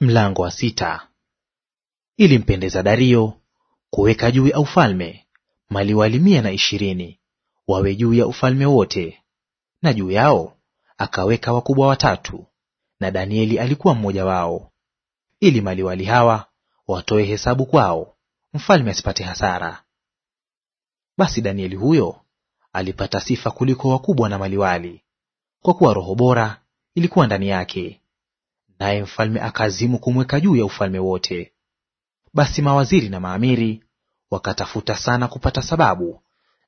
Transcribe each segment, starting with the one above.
Mlango wa sita. Ilimpendeza Dario kuweka juu ya ufalme maliwali mia na ishirini wawe juu ya ufalme wote, na juu yao akaweka wakubwa watatu, na Danieli alikuwa mmoja wao, ili maliwali hawa watoe hesabu kwao, mfalme asipate hasara. Basi Danieli huyo alipata sifa kuliko wakubwa na maliwali, kwa kuwa roho bora ilikuwa ndani yake naye mfalme akazimu kumweka juu ya ufalme wote. Basi mawaziri na maamiri wakatafuta sana kupata sababu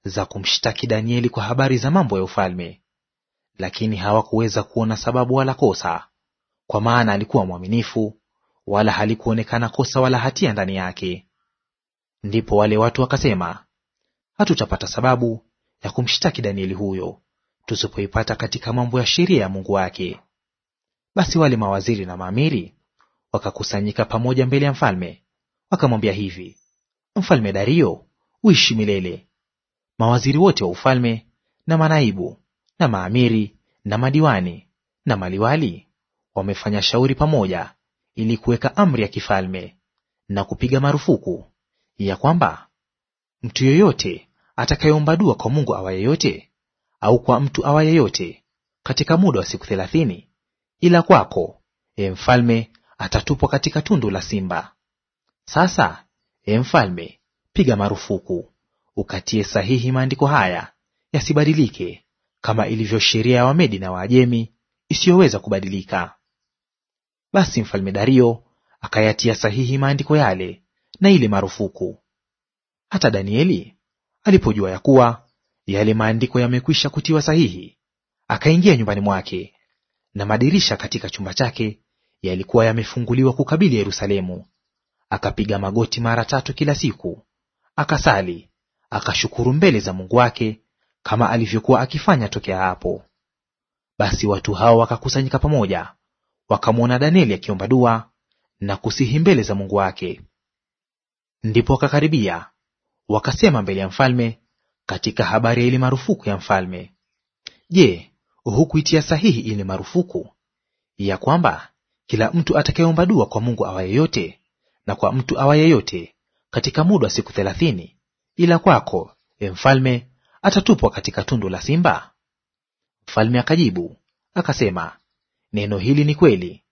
za kumshtaki Danieli kwa habari za mambo ya ufalme, lakini hawakuweza kuona sababu wala kosa, kwa maana alikuwa mwaminifu, wala halikuonekana kosa wala hatia ndani yake. Ndipo wale watu wakasema, hatutapata sababu ya kumshtaki Danieli huyo tusipoipata katika mambo ya sheria ya Mungu wake. Basi wale mawaziri na maamiri wakakusanyika pamoja mbele ya mfalme, wakamwambia hivi, Mfalme Dario, uishi milele. Mawaziri wote wa ufalme na manaibu na maamiri na madiwani na maliwali wamefanya shauri pamoja, ili kuweka amri ya kifalme na kupiga marufuku ya kwamba mtu yoyote atakayeomba dua kwa Mungu awa yeyote au kwa mtu awa yeyote katika muda wa siku thelathini ila kwako, e mfalme, atatupwa katika tundu la simba. Sasa e mfalme, piga marufuku, ukatie sahihi maandiko haya yasibadilike, kama ilivyo sheria ya Wamedi na Waajemi isiyoweza kubadilika. Basi mfalme Dario akayatia sahihi maandiko yale na ile marufuku. Hata Danieli alipojua ya kuwa yale maandiko yamekwisha kutiwa sahihi, akaingia nyumbani mwake na madirisha katika chumba chake yalikuwa yamefunguliwa kukabili Yerusalemu. Akapiga magoti mara tatu kila siku, akasali, akashukuru mbele za Mungu wake kama alivyokuwa akifanya tokea hapo. Basi watu hao wakakusanyika pamoja, wakamwona Danieli akiomba dua na kusihi mbele za Mungu wake. Ndipo wakakaribia wakasema mbele ya mfalme katika habari ya ile marufuku ya mfalme. Je, hukuitia sahihi ile marufuku ya kwamba kila mtu atakayeomba dua kwa Mungu awaye yote na kwa mtu awaye yote katika muda wa siku thelathini, ila kwako, e mfalme, atatupwa katika tundu la simba? Mfalme akajibu akasema, neno hili ni kweli,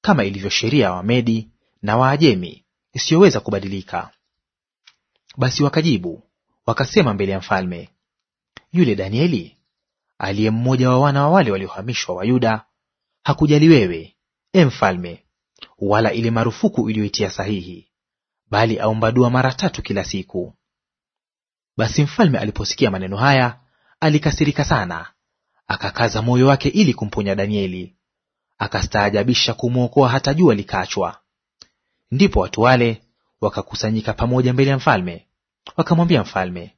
kama ilivyo sheria ya Wamedi na Waajemi isiyoweza kubadilika. Basi wakajibu wakasema mbele ya mfalme, yule Danieli aliye mmoja wa wana wa wale waliohamishwa wa Yuda, hakujali wewe, e mfalme, wala ile marufuku iliyoitia sahihi, bali aomba dua mara tatu kila siku. Basi mfalme aliposikia maneno haya, alikasirika sana, akakaza moyo wake ili kumponya Danieli, akastaajabisha kumwokoa hata jua likaachwa. Ndipo watu wale wakakusanyika pamoja mbele ya mfalme, wakamwambia mfalme,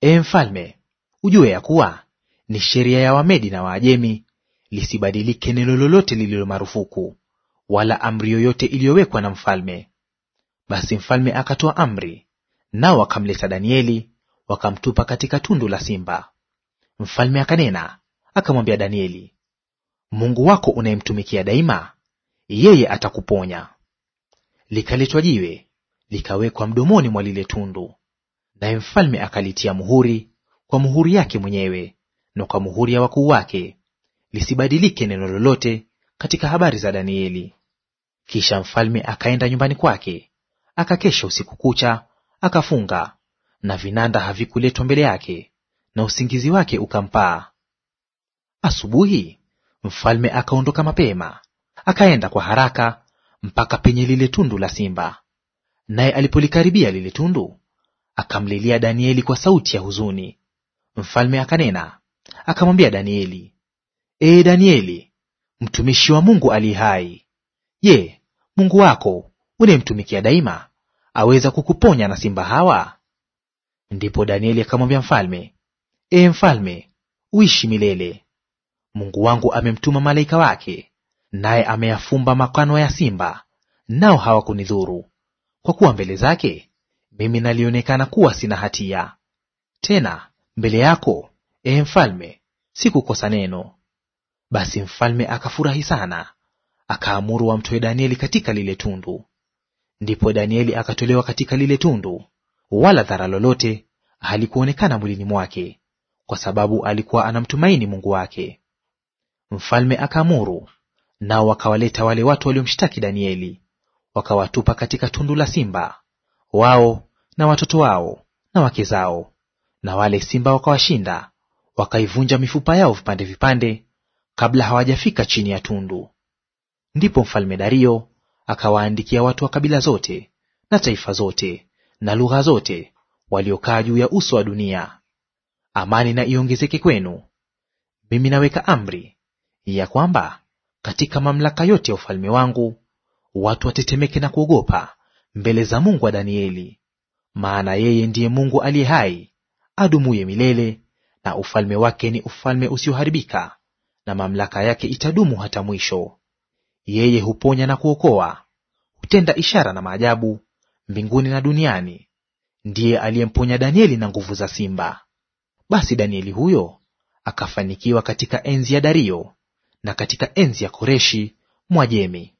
e mfalme, ujue ya kuwa ni sheria ya Wamedi na Waajemi, lisibadilike neno lolote lililo marufuku, wala amri yoyote iliyowekwa na mfalme. Basi mfalme akatoa amri, nao wakamleta Danieli, wakamtupa katika tundu la simba. Mfalme akanena akamwambia Danieli, Mungu wako unayemtumikia daima, yeye atakuponya. Likaletwa jiwe likawekwa mdomoni mwa lile tundu, naye mfalme akalitia muhuri kwa muhuri yake mwenyewe, na kwa muhuri ya wakuu wake, lisibadilike neno lolote katika habari za Danieli. Kisha mfalme akaenda nyumbani kwake, akakesha usiku kucha, akafunga, na vinanda havikuletwa mbele yake, na usingizi wake ukampaa. Asubuhi mfalme akaondoka mapema, akaenda kwa haraka mpaka penye lile tundu la simba. Naye alipolikaribia lile tundu, akamlilia Danieli kwa sauti ya huzuni. Mfalme akanena, akamwambia Danieli, e Danieli, mtumishi wa Mungu ali hai, je, Mungu wako unayemtumikia daima aweza kukuponya na simba hawa? Ndipo Danieli akamwambia mfalme, e mfalme, uishi milele. Mungu wangu amemtuma malaika wake, naye ameyafumba makano ya simba, nao hawakunidhuru, kwa kuwa mbele zake mimi nalionekana kuwa sina hatia. Tena mbele yako Ee mfalme, sikukosa neno. Basi mfalme akafurahi sana, akaamuru wamtoe Danieli katika lile tundu. Ndipo Danieli akatolewa katika lile tundu, wala dhara lolote halikuonekana mwilini mwake, kwa sababu alikuwa anamtumaini Mungu wake. Mfalme akaamuru, nao wakawaleta wale watu waliomshtaki Danieli, wakawatupa katika tundu la simba, wao na watoto wao na wake zao, na wale simba wakawashinda wakaivunja mifupa yao vipande vipande kabla hawajafika chini ya tundu. Ndipo mfalme Dario akawaandikia watu wa kabila zote na taifa zote na lugha zote waliokaa juu ya uso wa dunia, amani na iongezeke kwenu. Mimi naweka amri ya kwamba katika mamlaka yote ya ufalme wangu watu watetemeke na kuogopa mbele za Mungu wa Danieli, maana yeye ndiye Mungu aliye hai adumuye milele na ufalme wake ni ufalme usioharibika, na mamlaka yake itadumu hata mwisho. Yeye huponya na kuokoa, hutenda ishara na maajabu mbinguni na duniani. Ndiye aliyemponya Danieli na nguvu za simba. Basi Danieli huyo akafanikiwa katika enzi ya Dario na katika enzi ya Koreshi Mwajemi.